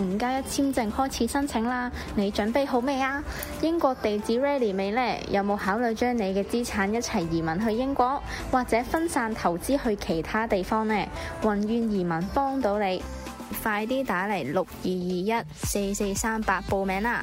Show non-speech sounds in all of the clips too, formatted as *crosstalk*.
五加一簽證開始申請啦！你準備好未啊？英國地址 ready 未呢？有冇考慮將你嘅資產一齊移民去英國，或者分散投資去其他地方呢？宏遠移民幫到你，快啲打嚟六二二一四四三八報名啦！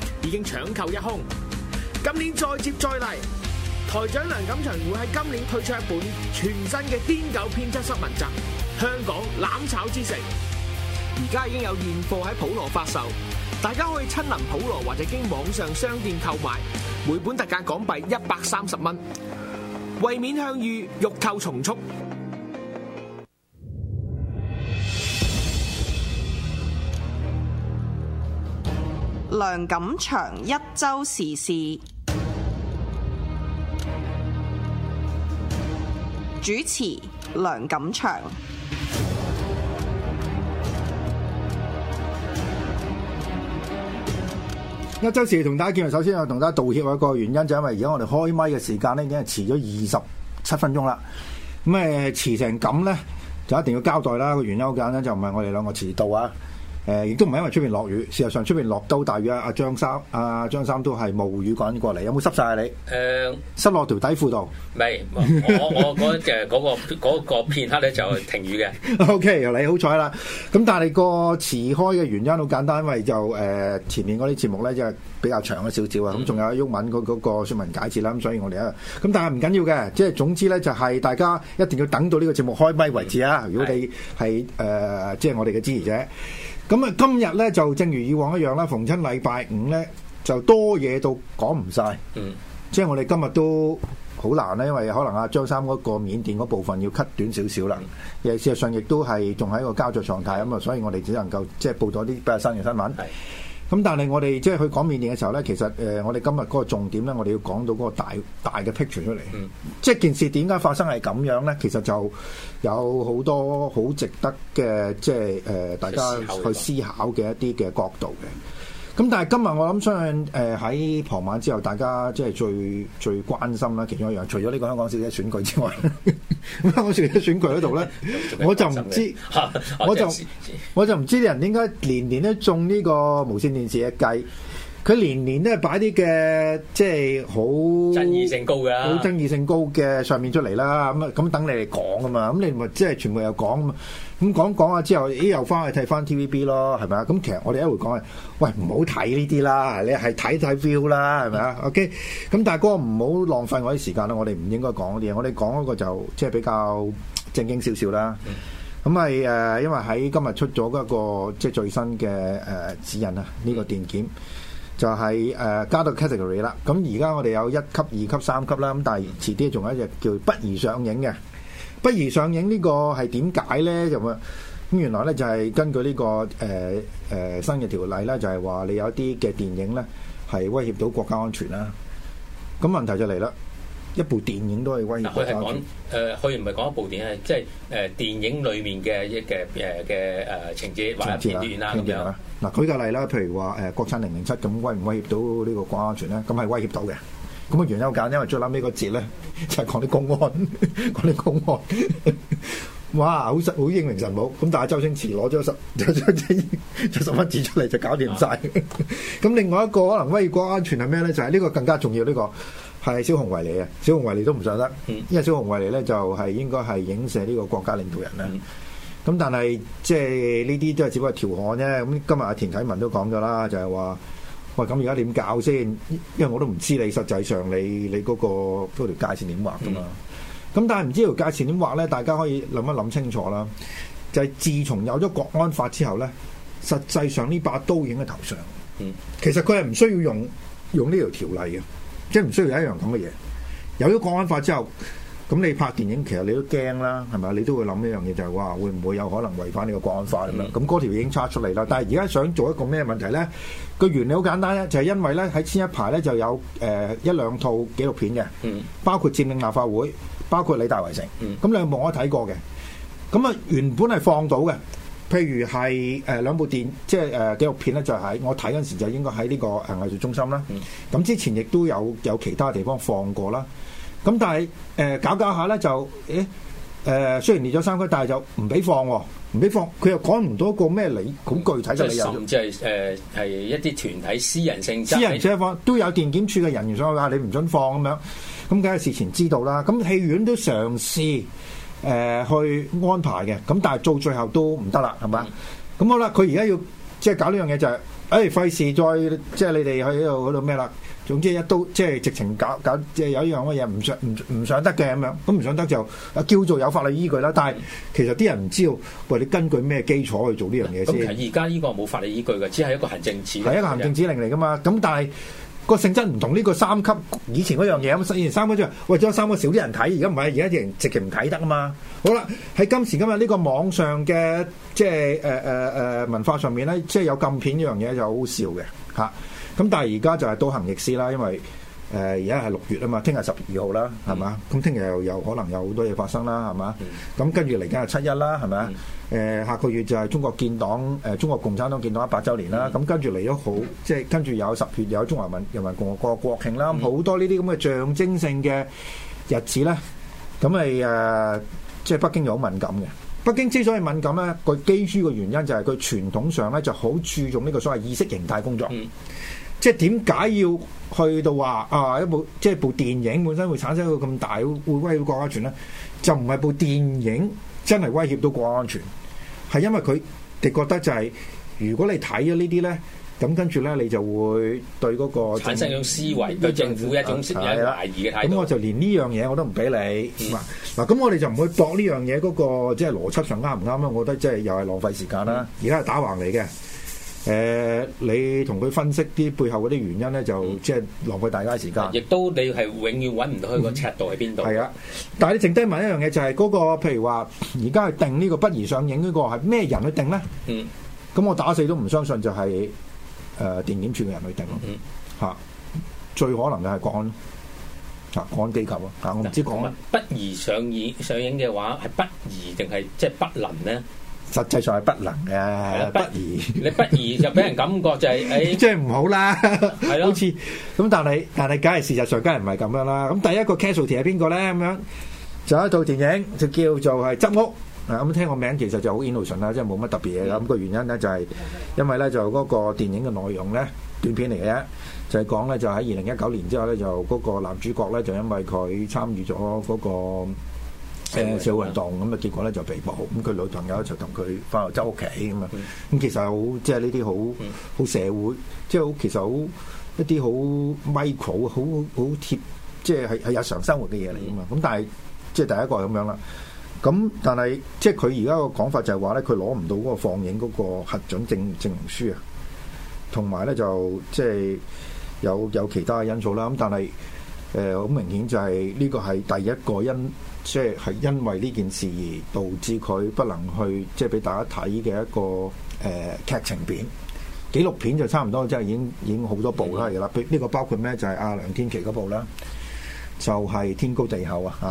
已經搶購一空，今年再接再厲，台長梁錦祥會喺今年推出一本全新嘅癲狗編輯室文集《香港攬炒之城》，而家已經有現貨喺普羅發售，大家可以親臨普羅或者經網上商店購買，每本特價港幣一百三十蚊，為免向隅，欲購從速。梁錦祥一周時事，主持梁錦，梁錦祥一周時同大家見面，首先我同大家道歉，一個原因就係、因為而家我哋開麥嘅時間咧已經係遲咗二十七分鐘啦。咁誒，遲成咁咧就一定要交代啦。個原因好簡單，就唔係我哋兩個遲到啊。誒，亦都唔係因為出邊落雨，事實上出邊落都大雨啊！阿張三，阿張三都係冒雨趕過嚟，有冇濕晒啊你？你、呃、誒，濕落條底褲度。咪我我嗰、 *laughs* 那個嗰個、那個片刻咧就停雨嘅。O、okay, K，你好彩啦。咁但係個遲開嘅原因好簡單，因為就誒、呃、前面嗰啲節目咧就係、是、比較長咗少少啊。咁、嗯、仲有郁文嗰、那個、那個說文解字啦。咁所以我哋咧，咁但係唔緊要嘅，即、就、係、是、總之咧就係、是、大家一定要等到呢個節目開咪為止啊、嗯！如果你係誒即係我哋嘅支持者。咁啊，今日咧就正如以往一樣啦，逢親禮拜五咧就多嘢到講唔晒。嗯，即係我哋今日都好難咧，因為可能阿張三嗰個緬甸嗰部分要 cut 短少少啦，事實上亦都係仲喺個膠着狀態，咁啊，所以我哋只能夠即係報咗啲比較新嘅新聞。咁、嗯、但係我哋即係去講面面嘅時候咧，其實誒、呃、我哋今日嗰個重點咧，我哋要講到嗰個大大嘅 picture 出嚟，即、嗯、係、就是、件事點解發生係咁樣咧？其實就有好多好值得嘅，即係誒大家去思考嘅一啲嘅角度嘅。咁、嗯、但係今日我諗相信，誒、呃、喺傍晚之後，大家即係最最關心啦，其中一樣除咗呢個香港小姐選舉之外， *laughs* 香港小姐選舉嗰度咧，我就唔知， *laughs* 我就 *laughs* 我就唔知啲人點解年年都中呢個無綫電視嘅計佢年年都係擺啲嘅即係好爭議性高嘅，好爭議性高嘅上面出嚟啦，咁、嗯、咁等你哋講啊嘛，咁、嗯、你咪即係全部又講啊嘛。咁講講下之後，又翻去睇翻 TVB 咯，係咪啊？咁其實我哋一回講係，喂唔好睇呢啲啦，你係睇睇 feel 啦，係咪啊？OK，咁大哥唔好浪費我啲時間啦，我哋唔應該講啲嘢，我哋講嗰個就即係、就是、比較正經少少啦。咁係、呃、因為喺今日出咗嗰、那個即係、就是、最新嘅誒、呃、指引啊，呢、這個電檢就係、是、誒、呃、加到 category 啦。咁而家我哋有一級、二級、三級啦，咁但係遲啲仲有一隻叫不宜上映嘅。不宜上映這個是為什麼，呢個係點解咧？咁啊咁，原來咧就係根據呢、這個誒誒、呃呃、新嘅條例啦，就係話你有一啲嘅電影咧係威脅到國家安全啦、啊。咁問題就嚟啦，一部電影都係威脅。佢係講誒，佢唔係講一部電影，即係誒電影裏面嘅一嘅誒嘅誒情節或者片段咁、啊啊、樣。嗱，舉個例啦，譬如話誒，國產零零七咁威唔威脅到呢個國家安全咧？咁係威脅到嘅。咁啊，原因好簡單，因為最撚尾個節咧就係、是、講啲公安，講啲公安，哇，好神，好英明神武。咁但係周星馳攞咗十，嗯、 *laughs* 十蚊紙出嚟就搞掂晒。咁、嗯、 *laughs* 另外一個可能威國安全係咩咧？就係、是、呢個更加重要的。呢個係小紅維尼，啊，小紅維尼都唔想得，因為小紅維尼咧就係應該係影射呢個國家領導人啦。咁、嗯、但係即係呢啲都係只不過調侃啫。咁今日阿田啟文都講咗啦，就係、是、話。喂、哎，咁而家點搞先？因為我都唔知你實際上你你嗰、那個嗰條界線點畫噶嘛？咁、嗯、但係唔知條界線點畫咧，大家可以諗一諗清楚啦。就係、是、自從有咗國安法之後咧，實際上呢把刀已經喺頭上。嗯，其實佢係唔需要用用呢條條例嘅，即係唔需要有一樣咁嘅嘢。有咗國安法之後。咁你拍電影，其實你都驚啦，係咪？你都會諗呢樣嘢，就係話會唔會有可能違反呢個《國安法》咁樣？咁嗰條已經叉出嚟啦。但係而家想做一個咩問題咧？個原理好簡單咧，就係、是、因為咧喺前一排咧就有一兩套紀錄片嘅、嗯，包括佔領立法會，包括理大圍城，咁、嗯、兩部我都睇過嘅。咁啊，原本係放到嘅，譬如係兩部電即係誒紀錄片咧，就喺我睇嗰陣時就應該喺呢個誒藝術中心啦。咁之前亦都有有其他地方放過啦。咁、嗯、但係誒、呃、搞搞下咧就誒誒、呃、雖然列咗三級，但係就唔俾放、哦、放，唔俾放，佢又講唔到一個咩理，咁具體嘅理由，即係甚至係一啲團體私人性質。私人者放都有電檢處嘅人員上去話，你唔准放咁樣，咁梗係事前知道啦。咁戲院都嘗試誒、呃、去安排嘅，咁但係到最後都唔得啦，係嘛？咁、嗯嗯、好啦，佢而家要。即係搞呢樣嘢就係、是，誒費事再即係你哋去嗰度度咩啦，總之一刀即係直情搞搞即係有呢樣嘅嘢唔想唔唔想得嘅咁樣，咁唔想得就叫做有法律依據啦。但係其實啲人唔知道，喂你根據咩基礎去做呢樣嘢先？而家呢個冇法律依據嘅，只係一個行政指係一個行政指令嚟噶嘛。咁但係。個性質唔同呢、這個三級以前嗰樣嘢咁，以前三級或者咗三級少啲人睇，而家唔係，而家啲人直情唔睇得啊嘛。好啦，喺今時今日呢個網上嘅即係誒誒文化上面咧，即、就、係、是、有禁片呢樣嘢就好笑嘅咁、啊、但係而家就係倒行逆施啦，因為。誒而家係六月啊嘛，聽日十二號啦，係、嗯、嘛？咁聽日又有可能有好多嘢發生啦，係嘛？咁跟住嚟緊係七一啦，係咪、嗯呃？下個月就係中國建黨、呃，中國共產黨建黨一百週年啦。咁跟住嚟咗好，即係跟住有十月有中華人民人民共和國國慶啦，好、嗯、多呢啲咁嘅象徵性嘅日子咧，咁係、呃，即係北京有好敏感嘅。北京之所以敏感咧，佢基於個原因就係佢傳統上咧就好注重呢個所謂意識形態工作。嗯。即係點解要去到話啊一部即係部電影本身會產生到咁大會威脅國家安，安全咧？就唔係部電影真係威脅到國家安，安全，係因為佢哋覺得就係、係、如果你睇咗呢啲咧，咁跟住咧你就會對嗰個產生一種思維對政府、就係、一種有懷疑嘅睇法。咁我就連呢樣嘢我都唔俾你。嗱 *laughs* 咁我哋就唔會駁呢樣嘢嗰個即係邏輯上啱唔啱啦。我覺得即係又係浪費時間啦。而家係打橫嚟嘅。誒、呃，你同佢分析啲背後嗰啲原因咧，就即係浪費大家時間。亦、嗯、都你係永遠揾唔到佢個尺度喺邊度。係、嗯、啊，但係你剩低問一樣嘢，就係、是、嗰、那個，譬如話而家係定呢個不宜上映呢個係咩人去定咧？嗯，咁我打死都唔相信就係、是、誒、呃，電檢處嘅人去定。吓、嗯啊，最可能就係國安咯，吓、啊，國安機構啊。吓、啊，我唔知講乜。不宜上映，上映嘅話係不宜定係即係不能咧？實際上係不能嘅，不宜。你不宜就俾人感覺就係，誒，即係唔好啦，係咯。好似咁，但係但係，梗係事實上梗係唔係咁樣啦。咁第一個 casualty 係邊個咧？咁樣就有一套電影就叫做係執屋。啊咁，聽個名其實就好 innocent 啦，即係冇乜特別嘢啦。咁個原因咧就係因為咧就嗰個電影嘅內容咧，短片嚟嘅，就係講咧就喺二零一九年之後咧就嗰個男主角咧就因為佢參與咗嗰個。誒小混帳咁啊，結果咧就被捕。咁佢女朋友一齊同佢翻落周屋企咁啊。咁其實好，即係呢啲好好社會，即係好其實好一啲好 micro，好好貼，即係係係日常生活嘅嘢嚟㗎嘛。咁但係即係第一個咁樣啦。咁但係即係佢而家個講法就係話咧，佢攞唔到嗰個放映嗰個核准證證明書啊。同埋咧就即係有有其他嘅因素啦。咁但係。誒、呃、好明顯就係呢個係第一個因，即係係因為呢件事而導致佢不能去，即係俾大家睇嘅一個誒、呃、劇情片、紀錄片就差唔多，即、就、係、是、已經已經好多部啦，而、嗯、啦，呢個包括咩？就係阿梁天琪嗰部啦，就係天高地厚啊嚇！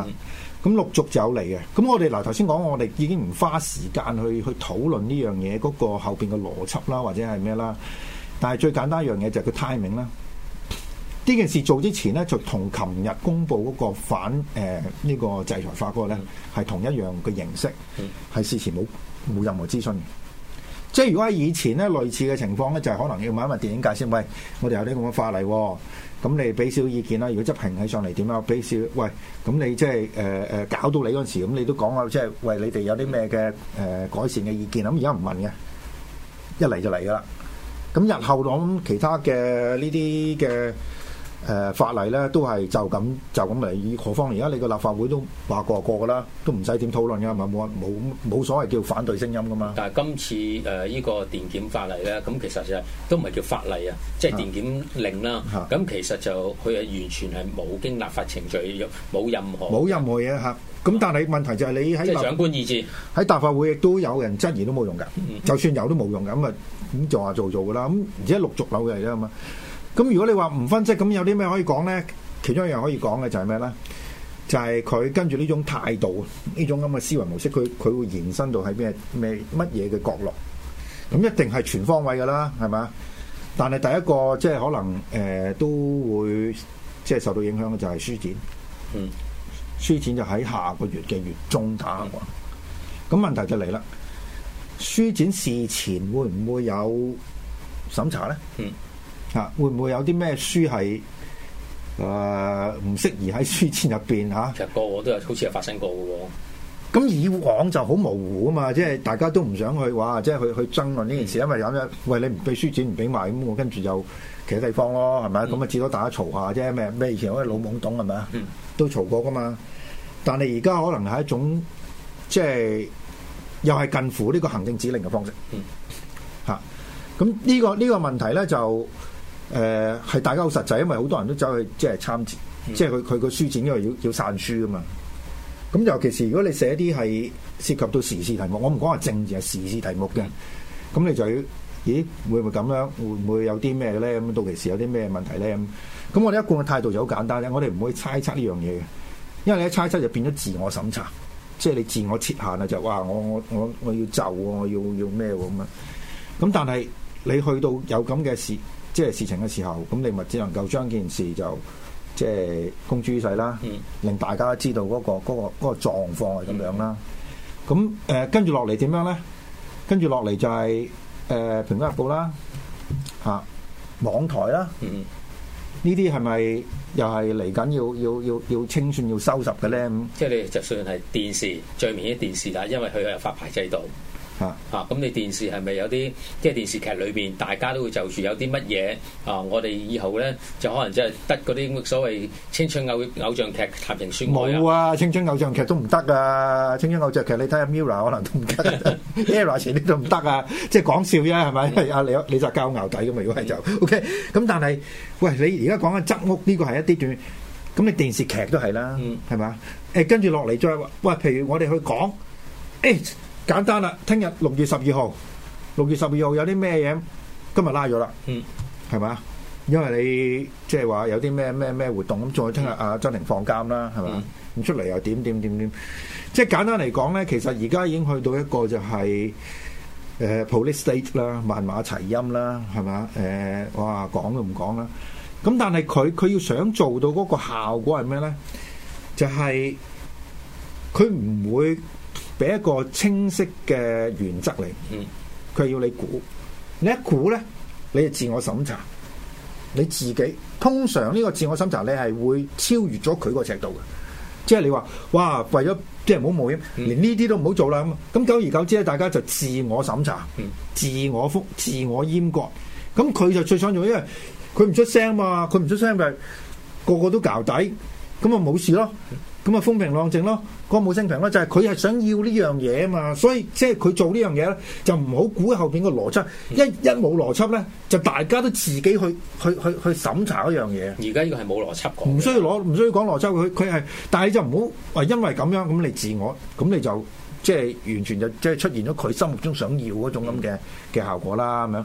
咁、嗯、陸續就有嚟嘅。咁我哋嗱頭先講，我哋已經唔花時間去去討論呢樣嘢嗰個後邊嘅邏輯啦，或者係咩啦？但係最簡單一樣嘢就係個 timing 啦。呢件事做之前呢，就同琴日公布嗰個反誒呢個制裁法嗰個呢，係同一樣嘅形式，係事前冇冇任何諮詢嘅。即係如果喺以前呢類似嘅情況呢，就係可能要問一問電影界先，喂，我哋有啲咁嘅法例喎，咁你俾少意見啦。如果執行起上嚟點啊？俾少，喂，咁你即係誒誒搞到你嗰陣時，咁你都講下，即係喂，你哋有啲咩嘅誒改善嘅意見。咁而家唔問嘅，一嚟就嚟噶啦。咁日後諗其他嘅呢啲嘅。誒、呃、法例咧都係就咁就咁嚟，何況而家你個立法會都話過過過噶啦，都唔使點討論噶，咪冇冇冇所謂叫反對聲音噶嘛。但係今次誒呢、呃呢個電檢法例咧，咁其， *laughs* *laughs* 其實就都唔係叫法例啊，即係電檢令啦。咁其實就佢係完全係冇經立法程序，冇任何冇任何嘢咁、啊、但係問題就係你喺即係長官意志喺立法會亦都有人質疑都冇用噶， *laughs* 就算有都冇用噶，咁啊咁做下做做噶啦，咁而家陸續流嘅啫嘛。咁如果你話唔分析，咁有啲咩可以講呢？其中一樣可以講嘅就係咩呢？就係、是、佢跟住呢種態度，呢種咁嘅思維模式，佢佢會延伸到喺咩咩乜嘢嘅角落？咁一定係全方位噶啦，係咪？但係第一個即係可能誒、呃，都會即係受到影響嘅就係書展。嗯，書展就喺下個月嘅月中打嘅話，咁、嗯、問題就嚟啦。書展事前會唔會有審查呢？嗯。啊、會會唔會有啲咩書係誒唔適宜喺書展入邊吓？其實個個都係好似係發生過喎。咁以往就好模糊啊嘛，即係大家都唔想去話、啊，即係去去爭論呢件事，嗯、因為有咩？喂，你唔俾書展、唔俾賣，咁我跟住就其他地方咯，係咪？咁、嗯、啊，至多大家嘈下啫。咩咩以前嗰啲老懵懂係咪啊？都嘈過噶嘛。但係而家可能係一種即係又係近乎呢個行政指令嘅方式。吓、嗯，咁、啊、呢、呢個呢、呢個問題咧就。誒、呃、係大家好實際，因為好多人都走去即係參展，即係佢佢個書展因為要要散書噶嘛。咁尤其是如果你寫啲係涉及到時事題目，我唔講話政治係時事題目嘅，咁你就要，咦會唔會咁樣？會唔會有啲咩咧？咁到時有啲咩問題咧？咁，咁我哋一貫嘅態度就好簡單咧，我哋唔會猜測呢樣嘢嘅，因為你一猜測就變咗自我審查，即、就、係、是、你自我設限啊！就話我我我我要就，我要要咩咁啊？咁但係你去到有咁嘅事，即係事情嘅時候，咁你咪只能夠將件事就即係公諸於世啦，令大家知道嗰個嗰個嗰個狀況係咁樣啦。咁誒跟住落嚟點樣咧？跟住落嚟就係誒《蘋果日報》啦，嚇網台啦，呢啲係咪又係嚟緊要要要要清算要收拾嘅咧？即係你就算係電視，最明顯嘅電視，但係，因為佢有發牌制度。啊！啊！咁你電視係咪有啲即係電視劇裏邊，大家都會就住有啲乜嘢啊？我哋以後咧就可能即係得嗰啲所謂青春偶像偶像劇談情説愛啊！冇啊！青春偶像劇都唔得啊！青春偶像劇你睇阿 Mirror 可能都唔得，Error 前啲都唔得啊！即係講笑啫，係咪？阿李李澤楷牛底咁啊！如果係就 OK，咁但係喂，你而家講緊執屋呢個係一啲段，咁你電視劇都係啦，係嘛？誒，跟住落嚟再喂，譬如我哋去講誒。簡單啦，聽日六月十二號，六月十二號有啲咩嘢？今日拉咗啦，嗯，係咪？因為你即係話有啲咩咩咩活動咁，再聽日阿周庭放監啦，係咪？咁、嗯、出嚟又點點點點？即係簡單嚟講咧，其實而家已經去到一個就係、是、誒、呃、police state 啦，萬馬齊喑啦，係咪？誒、呃，哇，講都唔講啦。咁但係佢佢要想做到嗰個效果係咩咧？就係佢唔會。俾一個清晰嘅原則嚟，佢係要你估，你一估咧，你就自我審查，你自己通常呢個自我審查，你係會超越咗佢個尺度嘅，即係你話，哇，為咗即係唔好冒險，連呢啲都唔好做啦咁，咁久而久之咧，大家就自我審查，自我覆、自我閹割，咁佢就最想用，因為佢唔出聲嘛，佢唔出聲咪個個都搞底，咁啊冇事咯。咁啊，風平浪靜咯，嗰個冇聲平咯，就係佢係想要呢樣嘢啊嘛，所以即係佢做呢樣嘢咧，就唔好估後面個邏輯，嗯、一一冇邏輯咧，就大家都自己去去去去審查一樣嘢。而家呢個係冇邏輯講，唔需要攞，唔需要講邏輯，佢佢係，但係就唔好話，因為咁樣咁你自我，咁你就即係、就是、完全就即係、就是、出現咗佢心目中想要嗰種咁嘅嘅效果啦，咁樣。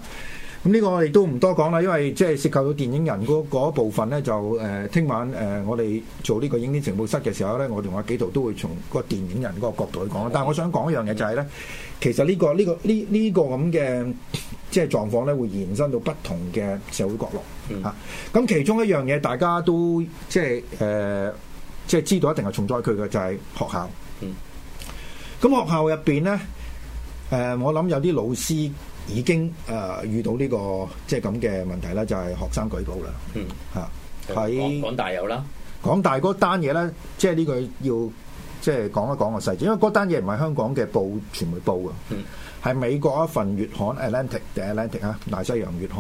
咁、這、呢個我哋都唔多講啦，因為即係涉及到電影人嗰、那個、部分呢，就誒聽、呃、晚誒、呃、我哋做呢個影片情報室嘅時候呢，我同阿紀導都會從個電影人嗰個角度去講。但係我想講一樣嘢就係、是、呢，其實呢、這個呢、這個呢呢、這個咁嘅、這個、即係狀況呢，會延伸到不同嘅社會角落嚇。咁、嗯啊、其中一樣嘢大家都即係誒、呃、即係知道一定係重災區嘅就係、是、學校。咁、嗯、學校入邊呢，誒、呃、我諗有啲老師。已經誒、呃、遇到呢、呢個即係咁嘅問題啦，就係、是、學生舉報啦。嗯，嚇喺港，港大有啦，港大嗰單嘢咧，即係呢個要即係講一講個細節，因為嗰單嘢唔係香港嘅報傳媒報嘅，嗯，係美國一份月刊 Atlantic The Atlantic 啊。大西洋月刊，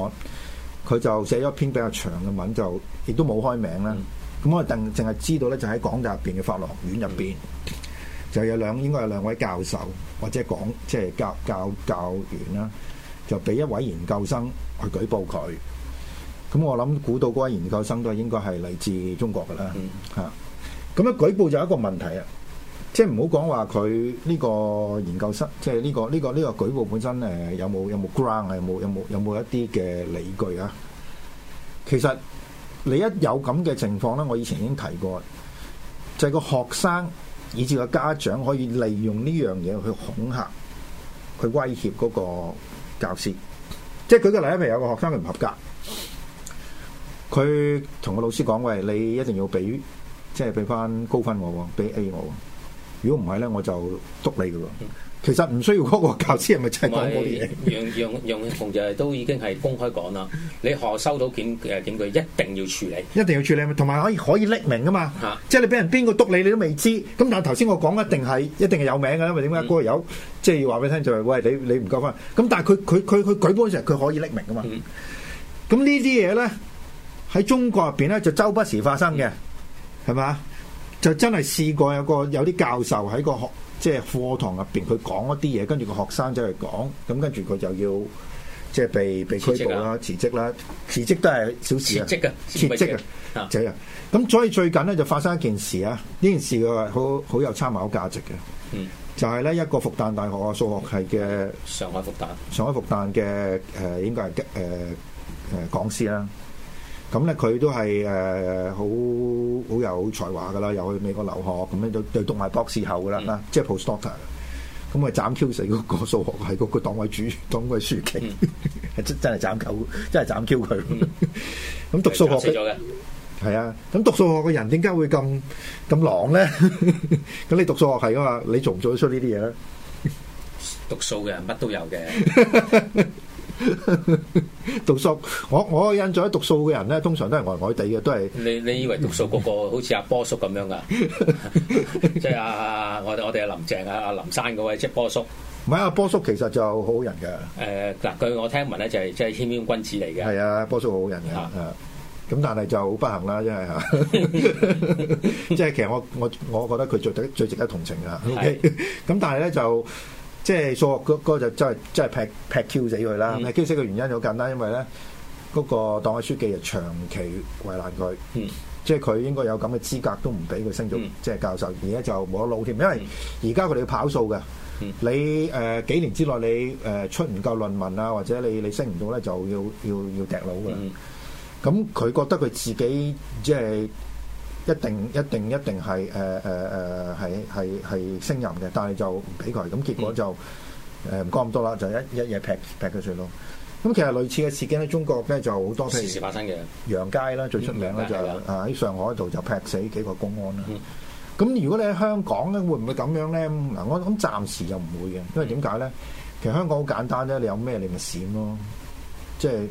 佢就寫咗一篇比較長嘅文，就亦都冇開名啦，咁、嗯嗯、我凈淨係知道咧，就喺、是、港大入邊嘅法律學院入邊。嗯就有兩應該有兩位教授或者講即係教教教員啦，就俾一位研究生去舉報佢。咁我諗估到嗰位研究生都係應該係嚟自中國噶啦嚇。咁樣舉報就有一個問題啊，即係唔好講話佢呢個研究生，即係呢個呢個呢個舉報本身誒有冇有冇 ground 啊，有冇有冇有冇一啲嘅理據啊？其實你一有咁嘅情況咧，我以前已經提過，就係個學生。以至個家長可以利用呢樣嘢去恐嚇、去威脅嗰個教師，即係舉個例子，譬如有個學生佢唔合格，佢同個老師講：，喂，你一定要俾，即係俾翻高分我，我俾 A 我，如果唔係咧，我就督你噶喎。其實唔需要嗰個教師係咪、嗯、真係講嗰啲嘢？楊楊楊潤雄就係都已經係公開講啦。你學收到警誒證據，一定要處理，一定要處理。同埋可以可以匿名噶嘛？啊、即係你俾人邊個督你，你都未知。咁但係頭先我講、嗯，一定係一定係有名噶啦。因為點解嗰個有、嗯，即係要話俾你聽就係、是、喂，你你唔夠分。咁但係佢佢佢佢舉報嗰時，佢可以匿名噶嘛？咁、嗯、呢啲嘢咧喺中國入邊咧就周不時發生嘅，係、嗯、嘛？就真係試過有個有啲教授喺個學即係課堂入邊，佢講一啲嘢，跟住個學生就嚟講，咁跟住佢就要即係被被拘捕啦、辭職啦、啊、辭職都、啊、係小事啊、辭職啊、這樣咁。啊啊啊啊、所以最近咧就發生一件事啊，呢件事佢好好有參考價值嘅、嗯，就係、是、咧一個復旦大學啊數學系嘅上海復旦上海復旦嘅誒、呃、應該係誒誒講師啦、啊。咁咧佢都係誒好好有才華噶啦，又去美國留學，咁咧就就讀埋博士後噶啦，即係 postdoctor。咁啊斬 Q 死嗰個數學係嗰個黨委主黨委書記，係真真係斬 Q，真係斬 Q 佢。咁讀數學？死咗嘅。係啊，咁讀數學嘅人點解會咁咁狼咧？咁你讀數學係噶嘛？你做唔做得出呢啲嘢咧？讀數嘅人乜都有嘅。讀 *laughs* 數，我我印象咧，讀數嘅人咧，通常都係呆呆地嘅，都係你你以為讀數嗰個好似阿、啊、波叔咁樣噶，即係阿我我哋阿林鄭啊、阿林生嗰位即係波叔，唔係阿波叔，其實就好人嘅。誒，嗱，據我聽聞咧就係即係謙謙君子嚟嘅。係啊，波叔好好人嘅咁、呃就是就是啊啊啊、但係就好不幸啦，因為即係其實我我我覺得佢最最值得同情嘅。咁、okay? *laughs* 但係咧就。即係數學嗰嗰個就真係真係劈劈 Q 死佢啦！劈 Q 死嘅原因好簡單，因為咧嗰、那個黨委書記長期為難佢、嗯，即係佢應該有咁嘅資格都唔俾佢升做、嗯、即係教授，而家就冇得撈添。因為而家佢哋要跑數嘅、嗯，你誒、呃、幾年之內你誒、呃、出唔夠論文啊，或者你你升唔到咧，就要要要踢佬嘅。咁、嗯、佢覺得佢自己即係。一定一定一定係誒誒誒係係係升任嘅，但係就唔俾佢咁，結果就誒唔講咁多啦，就一一嘢劈劈佢住咯。咁其實類似嘅事件喺中國咧就好多，時時發生嘅。楊佳啦，最出名咧就係喺上海度就劈死幾個公安啦。咁如果你喺香港咧，會唔會咁樣咧？嗱，我諗暫時又唔會嘅，因為點解咧？其實香港好簡單啫，你有咩你咪閃咯，即係。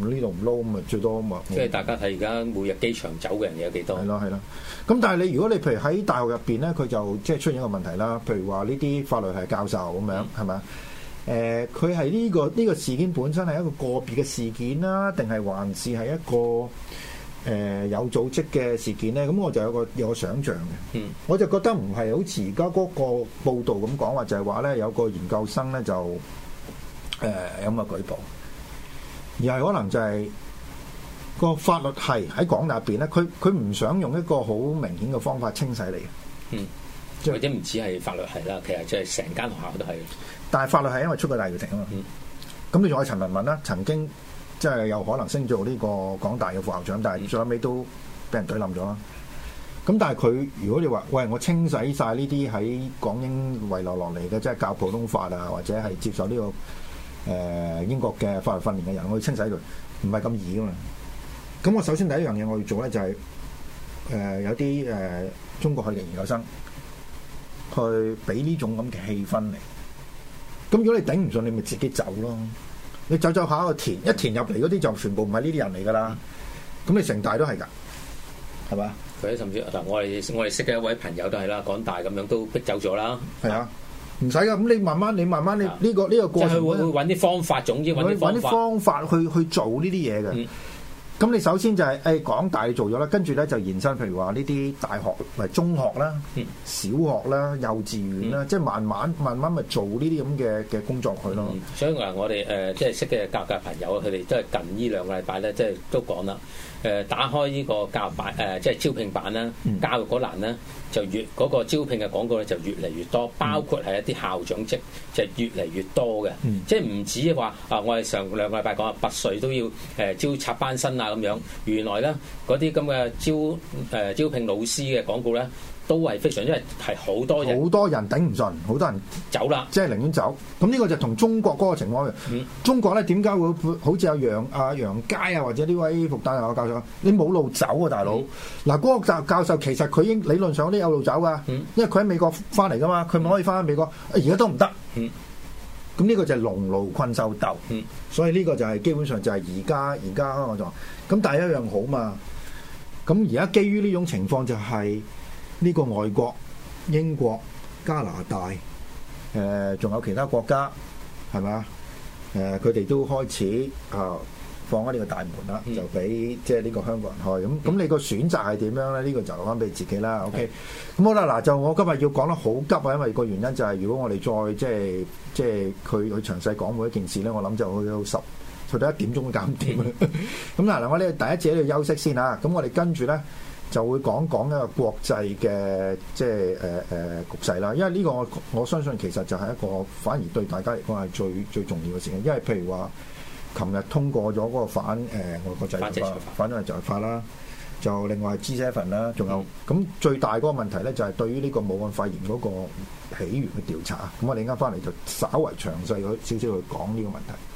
唔，呢度唔撈咁啊，最多咁啊。即係大家睇而家每日機場走嘅人有幾多？係咯，係咯。咁但係你如果你譬如喺大學入邊咧，佢就即係出現一個問題啦。譬如話呢啲法律系教授咁樣，係咪啊？誒，佢係呢個呢個事件本身係一個個別嘅事件啦，定係還是係一個誒有組織嘅事件咧？咁我就有個有個想象嘅。嗯，我就覺得唔係好似而家嗰個報道咁講話，就係話咧有個研究生咧就誒有咁嘅舉報。而係可能就係個法律系喺港大入邊咧，佢佢唔想用一個好明顯嘅方法清洗你。嗯，即或者唔止係法律系啦，其實即係成間學校都係。但係法律系因為出個戴耀廷啊嘛。咁你仲有陳文敏啦，曾經即係有可能升做呢個港大嘅副校長，但係最後尾都俾人㨃冧咗啦。咁但係佢如果你話，喂，我清洗晒呢啲喺港英遺留落嚟嘅，即係教普通法啊，或者係接受呢個，誒，英國嘅法律訓練嘅人，我要清洗佢，唔係咁易噶嘛。咁我首先第一樣嘢我要做咧，就係誒有啲誒中國去嘅研究生去俾呢種咁嘅氣氛嚟。咁如果你頂唔順，你咪自己走咯。你走走下，我填一填入嚟嗰啲就全部唔係呢啲人嚟噶啦。咁你成大都係噶，係嘛？佢甚至嗱，我哋我哋識嘅一位朋友都係啦，港大咁樣都逼走咗啦。係啊。唔使噶，咁你慢慢，你慢慢，你呢、這個呢、這個過程，即係會會揾啲方法，總之揾啲方法，揾啲方法去去做呢啲嘢嘅。咁你首先就係、是、誒，哎、港大做咗啦，跟住咧就延伸，譬如話呢啲大學、咪中學啦、小學啦、幼稚園啦，即、嗯、係、就是、慢慢慢慢咪做呢啲咁嘅嘅工作去咯、嗯。所以話我哋誒、呃，即係識嘅教界朋友，佢哋都係近呢兩個禮拜咧，即係都講啦。誒、呃、打開呢個教育版，即、呃、係招聘版啦，教育嗰欄咧就越嗰、嗰個招聘嘅廣告咧就越嚟越多，包括係一啲校長職就越嚟越多嘅、嗯，即係唔止話啊、呃，我哋上兩個禮拜講啊拔萃都要、呃、招插班生啊咁樣，原來咧嗰啲咁嘅招、呃、招聘老師嘅廣告咧。都係非常，因為係好多，多，多人，好多人頂唔順，好多人走啦，即係寧願走。咁呢個就同中國嗰個情況。嗯，中國咧點解會好似阿楊啊楊佳啊，或者呢位復旦大學教授，你冇路走啊，大佬嗱。郭、嗯啊那個教教授其實佢已經理論上都有路走噶、嗯，因為佢喺美國翻嚟噶嘛，佢咪可以翻翻美國。而、嗯、家都唔得，咁、嗯、呢個就係龍路困獸鬥。嗯、所以呢個就係基本上就係而家而家嗰種咁。現在啊、那但係一樣好嘛，咁而家基於呢種情況就係、是。呢、這個外國、英國、加拿大，誒、呃、仲有其他國家，係咪啊？誒佢哋都開始啊放開呢個大門啦、嗯，就俾即係呢個香港人開咁。咁、嗯、你個選擇係點樣咧？呢、這個就留翻俾自己啦。OK，咁好啦，嗱、嗯、就我今日要講得好急啊，因為個原因就係如果我哋再即係即係佢去詳細講每一件事咧，我諗就去到十、最多一點鐘都減點咁嗱，嗱、嗯、 *laughs* 我哋第一次喺度休息先啊。咁我哋跟住咧。就會講講一個國際嘅即係誒誒局勢啦，因為呢個我相信其實就係一個反而對大家嚟講係最最重要嘅事情，因為譬如話，琴日通過咗嗰個反誒外國制裁法，反咗人裁法啦，就另外係 G Seven 啦，仲有咁最大嗰個問題咧，就係對於呢個武漢肺炎嗰個起源嘅調查。咁我哋啱翻嚟就稍為詳細咗少少去講呢個問題。